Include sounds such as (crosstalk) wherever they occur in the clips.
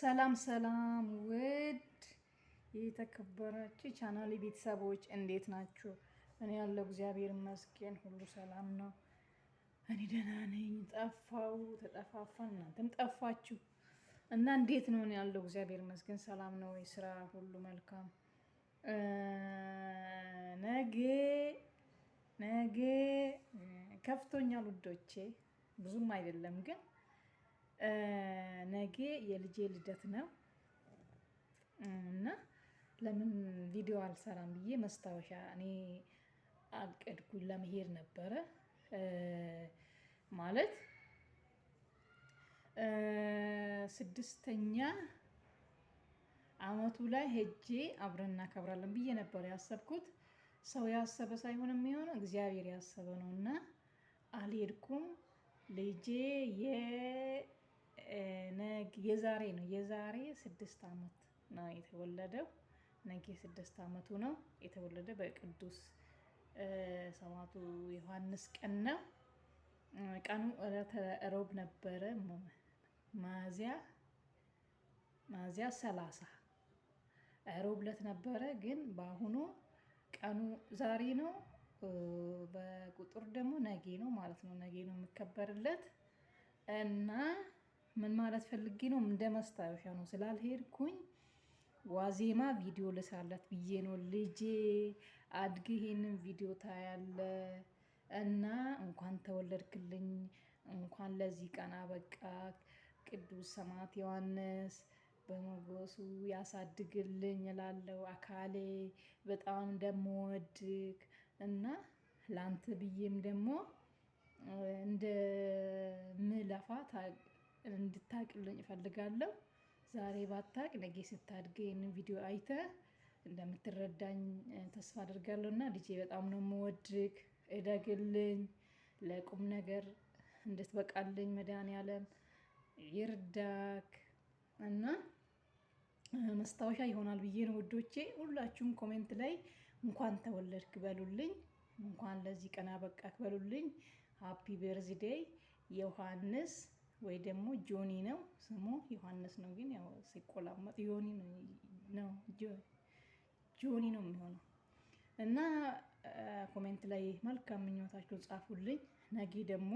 ሰላም ሰላም ውድ የተከበራችሁ ቻናል ቤተሰቦች እንዴት ናችሁ? እኔ ያለው እግዚአብሔር ይመስገን ሁሉ ሰላም ነው። እኔ ደህና ነኝ። ጠፋው ተጠፋፋን፣ እናንተም ጠፋችሁ እና እንዴት ነው? እኔ ያለው እግዚአብሔር ይመስገን ሰላም ነው። ስራ ሁሉ መልካም። ነገ ነገ ከፍቶኛል ውዶቼ፣ ብዙም አይደለም ግን ነገ የልጄ ልደት ነው እና ለምን ቪዲዮ አልሰራም ብዬ መስታወሻ እኔ አቅድኩ ለመሄድ ነበረ ማለት ስድስተኛ አመቱ ላይ ሄጄ አብረን እናከብራለን ብዬ ነበር ያሰብኩት። ሰው ያሰበ ሳይሆን የሚሆነው እግዚአብሔር ያሰበ ነው እና አልሄድኩም ልጄ የዛሬ ነው የዛሬ ስድስት ዓመት ነው የተወለደው። ነጌ ስድስት ዓመቱ ነው የተወለደ በቅዱስ ሰማዕቱ ዮሐንስ ቀን ነው። ቀኑ ሮብ ነበረ። ማዚያ ማዚያ ሰላሳ ሮብ ዕለት ነበረ። ግን በአሁኑ ቀኑ ዛሬ ነው። በቁጥር ደግሞ ነጌ ነው ማለት ነው። ነጌ ነው የሚከበርለት እና ምን ማለት ፈልጌ ነው? እንደ መስታወሻ ነው ስላልሄድኩኝ ዋዜማ ቪዲዮ ልሳላት ብዬ ነው። ልጄ አድግ፣ ይሄንን ቪዲዮ ታያለ እና እንኳን ተወለድክልኝ፣ እንኳን ለዚህ ቀን አበቃ። ቅዱስ ሰማዕት ዮሐንስ በሞገሱ ያሳድግልኝ እላለሁ። አካሌ በጣም እንደምወድግ እና ለአንተ ብዬም ደግሞ እንደ ምለፋ እንድታቅልኝ እፈልጋለሁ። ዛሬ ባታቅ ነገ ስታድገ ይህንን ቪዲዮ አይተ እንደምትረዳኝ ተስፋ አድርጋለሁ እና ልጄ በጣም ነው የምወድግ። እደግልኝ፣ ለቁም ነገር እንድትበቃልኝ መድኃኒዓለም ይርዳክ እና መስታወሻ ይሆናል ብዬ ነው ውዶቼ። ሁላችሁም ኮሜንት ላይ እንኳን ተወለድክ በሉልኝ፣ እንኳን ለዚህ ቀን አበቃክ በሉልኝ። ሀፒ በርዝዴይ ዮሐንስ ወይ ደግሞ ጆኒ ነው ስሙ። ዮሐንስ ነው ግን ያው ሲቆላመጥ ዮኒ ነው ጆኒ ነው የሚሆነው። እና ኮሜንት ላይ መልካም ምኞታችሁን ጻፉልኝ። ነጊ ደግሞ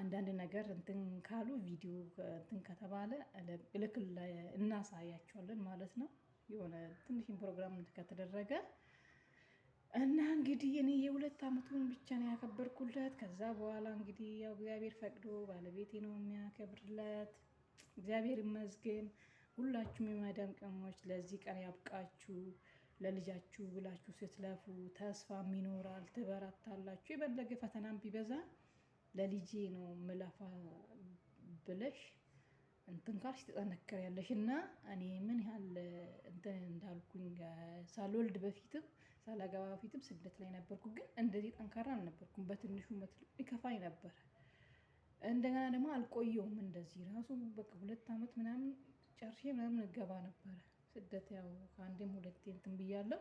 አንዳንድ ነገር እንትን ካሉ ቪዲዮ እንትን ከተባለ ልክ እናሳያቸዋለን ማለት ነው። የሆነ ትንሽን ፕሮግራም ከተደረገ እና እንግዲህ እኔ የሁለት ዓመቱን ብቻ ነው ያከበርኩለት። ከዛ በኋላ እንግዲህ ያው እግዚአብሔር ፈቅዶ ባለቤቴ ነው የሚያከብርለት። እግዚአብሔር ይመስገን። ሁላችሁም የማዳም ቀሞች ለዚህ ቀን ያብቃችሁ። ለልጃችሁ ብላችሁ ስትለፉ ተስፋም ይኖራል፣ ትበረታላችሁ። የበለገ ፈተናም ቢበዛ ለልጄ ነው ምለፋ ብለሽ እንትን ካልሽ ትጠነክሪያለሽ እና እኔ ምን ያህል እንትን እንዳልኩኝ ሳልወልድ በፊትም ሳላገባ በፊትም ስደት ላይ ነበርኩ፣ ግን እንደዚህ ጠንካራ አልነበርኩም። በትንሹ ይከፋኝ ነበረ። እንደገና ደግሞ አልቆየውም እንደዚህ ራሱ በቃ ሁለት ዓመት ምናምን ጨርሼ ምናምን እገባ ነበረ ስደት። ያው ከአንዴም ሁለቴ እንትን ብያለሁ።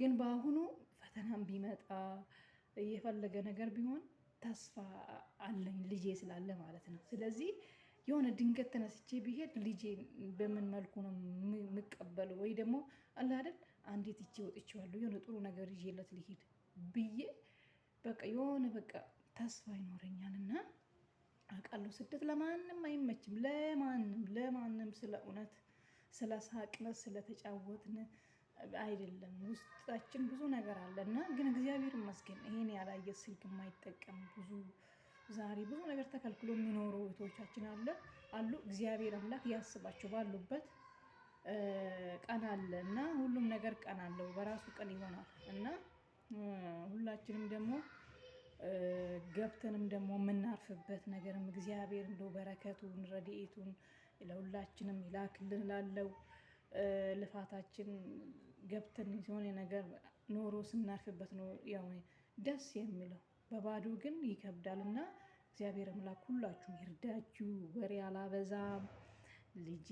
ግን በአሁኑ ፈተናም ቢመጣ የፈለገ ነገር ቢሆን ተስፋ አለኝ ልጄ ስላለ ማለት ነው። ስለዚህ የሆነ ድንገት ተነስቼ ብሄድ ልጄ በምን መልኩ ነው የምቀበለው? ወይ ደግሞ አለ አይደል አንዴት ይቼ ወጥቼዋለሁ የሆነ ጥሩ ነገር ይዤለት ልሄድ ብዬ በቃ የሆነ በቃ ተስፋ ይኖረኛል። እና አውቃለሁ ስደት ለማንም አይመችም፣ ለማንም ለማንም ስለ እውነት ስለ ሳቅነ ስለተጫወትን አይደለም ውስጣችን ብዙ ነገር አለ እና ግን እግዚአብሔር ይመስገን ይሄን ያላየ ስልክ የማይጠቀም ብዙ ዛሬ ብዙ ነገር ተከልክሎ የሚኖሩ እህቶቻችን አለ አሉ። እግዚአብሔር አምላክ ያስባቸው ባሉበት ቀን አለ እና ሁሉም ነገር ቀን አለው፣ በራሱ ቀን ይሆናል እና ሁላችንም ደግሞ ገብተንም ደግሞ የምናርፍበት ነገርም እግዚአብሔር እንደ በረከቱን ረድኤቱን ለሁላችንም ይላክልን ላለው ልፋታችን ገብተን የሆነ ነገር ኖሮ ስናርፍበት ነው ያው ደስ የሚለው። በባዶ ግን ይከብዳል እና እግዚአብሔር አምላክ ሁላችሁ ይርዳችሁ። ወሬ አላበዛም። ልጄ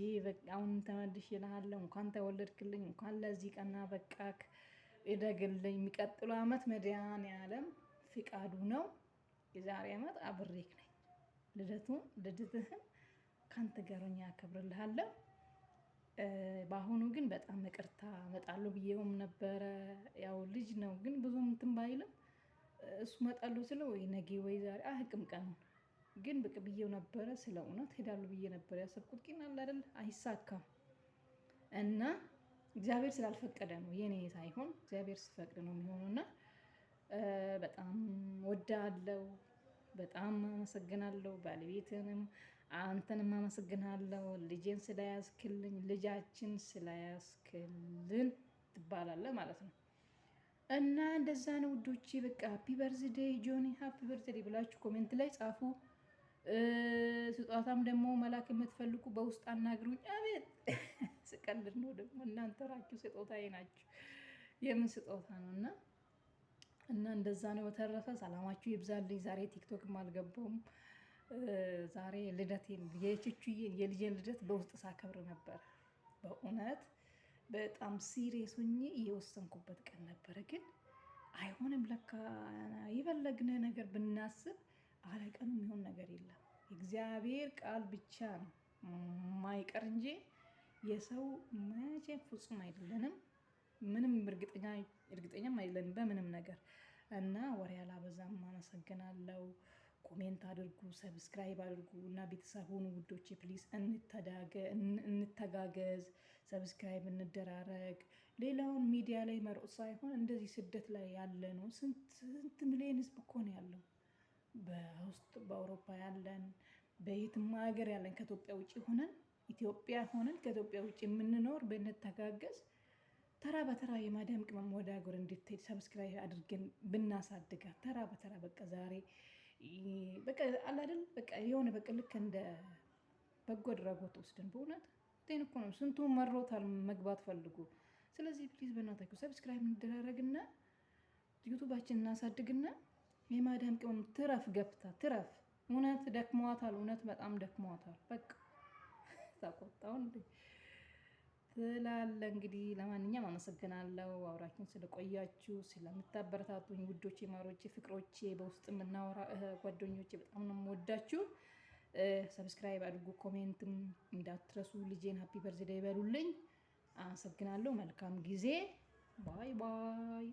አሁን ተመልሽ ይልሃለሁ። እንኳን ተወለድክልኝ፣ እንኳን ለዚህ ቀና በቃክ፣ እደግልኝ። የሚቀጥለው ዓመት መድኃኔዓለም ፍቃዱ ነው። የዛሬ አመት አብሬክ ነኝ። ልደቱን ልደትህን ከአንተ ጋር ሆኜ በአሁኑ ግን በጣም ይቅርታ እመጣለሁ ብዬውም ነበረ። ያው ልጅ ነው ግን ብዙም እንትን ባይልም እሱ እመጣለሁ ስለው ወይ ነገ ወይ ዛሬ አህቅም ቀኑን ግን ብቅ ብዬው ነበረ። ስለ እውነት ሄዳለሁ ብዬ ነበረ ያሰብኩት፣ ግን አለ አይደል አይሳካም። እና እግዚአብሔር ስላልፈቀደ ነው የኔ ሳይሆን እግዚአብሔር ሲፈቅድ ነው የሚሆኑና በጣም ወዳለው በጣም አመሰግናለሁ። ባለቤትንም አንተንም አመሰግናለሁ። ልጄን ስለያዝክልኝ ልጃችን ስለያዝክልን ትባላለህ ማለት ነው። እና እንደዛ ነው ውዶች በቃ ሀፒ በርዝዴ ጆኒ ሀፒ በርዝዴ ብላችሁ ኮሜንት ላይ ጻፉ። ስጦታም ደግሞ መላክ የምትፈልጉ በውስጥ አናግሩኝ። አቤት (laughs) ስቀልድ ነው ደግሞ እናንተ ራችሁ ስጦታዬ ናችሁ። የምን ስጦታ ነው? እና እና እንደዛ ነው። በተረፈ ሰላማችሁ ይብዛልኝ። ዛሬ ቲክቶክም አልገባውም። ዛሬ ልደቴን የችቹዬን የልጄን ልደት በውስጥ ሳከብር ነበር በእውነት በጣም ሲሪየስ ሆኜ የወሰንኩበት ቀን ነበረ። ግን አይሆንም ለካ የፈለግን ነገር ብናስብ አለቀን የሚሆን ነገር የለም። እግዚአብሔር ቃል ብቻ ነው ማይቀር እንጂ የሰው መቼም ፍጹም አይደለንም። ምንም እርግጠኛም አይደለንም በምንም ነገር እና ወሬ አላበዛም። አመሰግናለሁ። ኮሜንት አድርጉ፣ ሰብስክራይብ አድርጉ እና ቤተሰብ ሆኑ ውዶቼ። እንተጋገዝ፣ ሰብስክራይብ እንደራረግ። ሌላውን ሚዲያ ላይ መሮጥ ሳይሆን እንደዚህ ስደት ላይ ያለ ነው። ስንት ሚሊዮን ህዝብ እኮ ነው ያለው በውስጥ በአውሮፓ ያለን በየትም ሀገር ያለን ከኢትዮጵያ ውጭ ሆነን ኢትዮጵያ ሆነን ከኢትዮጵያ ውጭ የምንኖር ብንተጋገዝ ተራ በተራ የማዳም ቅመም ወደ ሀገር እንድትሄድ ሰብስክራይብ አድርገን ብናሳድጋት ተራ በተራ በቃ ዛሬ በቃ አለ በቃ የሆነ በቃ ልክ እንደ በጎ አድራጎት ወስደን በእውነት ቴን እኮ ነው ስንቱ መሮታል መግባት ፈልጉ። ስለዚህ ፕሊዝ በእናታችሁ ሰብስክራይብ እንደራረግና ዩቱባችን እናሳድግና የማዳም ቅመም ትረፍ ገብታ ትረፍ። እውነት ደክመዋታል። እውነት በጣም ደክመዋታል። በቃ ተቆጣው እንዴ! ስላለ እንግዲህ ለማንኛውም አመሰግናለሁ። አብራችን ስለቆያችሁ ስለምታበረታቱኝ ውዶቼ፣ ማሮቼ፣ ፍቅሮቼ በውስጥ የምናወራ ጓደኞቼ በጣም ነው የምወዳችሁ። ሰብስክራይብ አድርጉ፣ ኮሜንትም እንዳትረሱ። ልጄን ሀፒ በርዝዴ ይበሉልኝ። አመሰግናለሁ። መልካም ጊዜ። ባይ ባይ።